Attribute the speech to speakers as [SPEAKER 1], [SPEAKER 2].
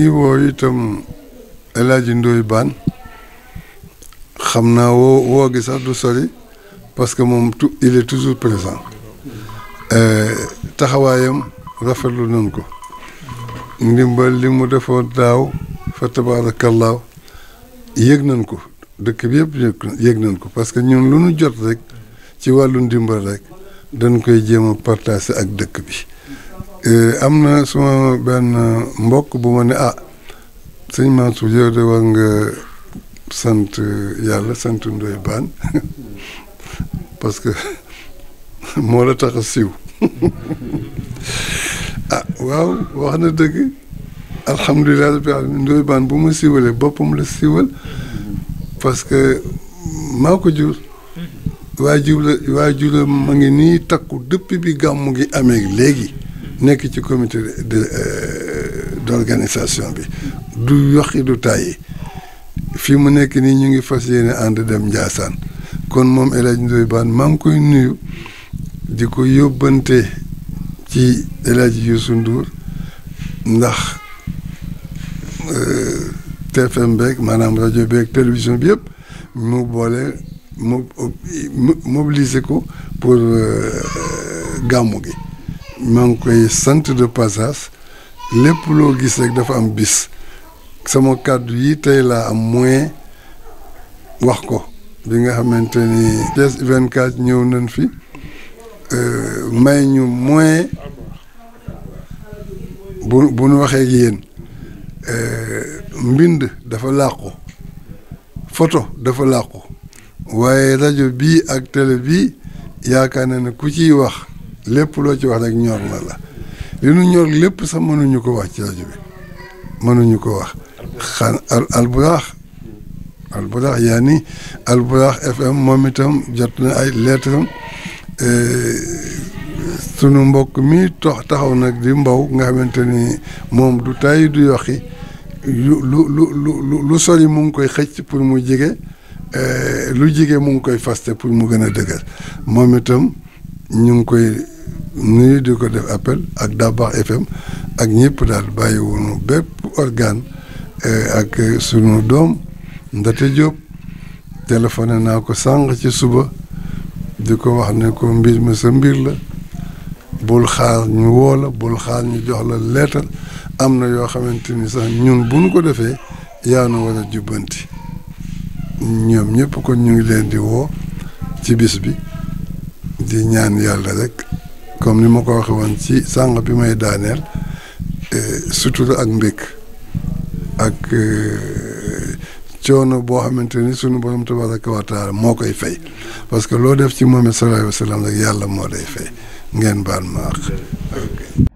[SPEAKER 1] ngi woo itam El Hadj Ndoye xam naa woo woo gi sax du sori parce que moom tu il est toujours euh, taxawaayam rafetlu nañ ko ndimbal li mu defoon daaw fa tabaarakallaahu yëg nañ ko dëkk bi yëpp yëg nañ ko parce que ñun lu nu jot rek ci wàllu ndimbal rek dañ koy jéem a partager ak dëkk bi Eh, am na suma benn mbokk bu ma ne ah sëñ Mansour yow de war nga sant yàlla sant Ndoye Bane parce que moo la tax a ah waaw wax na dëgg alhamdulilah rabbil alamin Ndoye Bane bu ma siiwalee boppam la siiwal parce que maa ko jur waajur la waajur la ma ngi nii takku dëpp bi gàmmu gi amee léegi nekk ci comité de euh, d'organisation bi du yoxi du tàyyi fii mu nekk nii ñu ngi fas yéene ànd dem Njaasaan kon moom El Hadj Ndoye Bane koy nuyu di ko yóbbante ci El Hadj Youssou Ndour ndax euh, TFM beeg maanaam rajo beeg télévision bi yëpp mu boole mu ko pour euh, gàmmu gi. maa ngi koy sant de passage lépp loo gis rek dafa am bis sama kàddu yi tey laa am moyen wax ko bi nga xamante ni Thiès 24 ñëw nañ fi euh, may ñu moyen bu bu nu waxee ak yéen euh, mbind dafa làqu photo dafa làqu waaye rajo bi ak télé bii yaakaar na ne ku ciy wax lépp loo ci wax nag ñor na la li nu ñor lépp sax mënuñu ko wax ci rajo bi mënuñu ko wax xan al alburaax alburaax yaa ni alburaax fm moom itam jot na ay lettre am eh, sunu mbokk mi tox taxaw nag di mbaw nga xamante ni moom du tay du yoxi lu lu lu lu sori mu ngi koy xëcc pour mu jege eh, lu jege mu ngi koy faste pour mu gën a dëgër moom itam ñu ngi koy nuyu di ko def appel ak Dabax FM ak ñépp daal bàyyiwunu bépp organ eh, ak sunu doom Ndate Diop téléphoné naa ko sànq ci suba di ko wax ne ko mbir mi sa mbir la bul xaar ñu woo la bul xaar ñu jox la leetal am na yoo xamante ni sax ñun bu ñu ko defee yaa nu war jubbanti ñoom ñëpp ko ñu ngi leen di woo ci bis bi. di ñaan yàlla rek comme ni ma ko waxee woon ci sànq bi may daaneel eh, sutura ak mbég ak eh, coono boo xamante ni sunu borom tabaraka wa taala moo koy fay parce que loo def ci moom sallallahu alayhi wa rek yàlla moo lay fay ngeen baal ma ak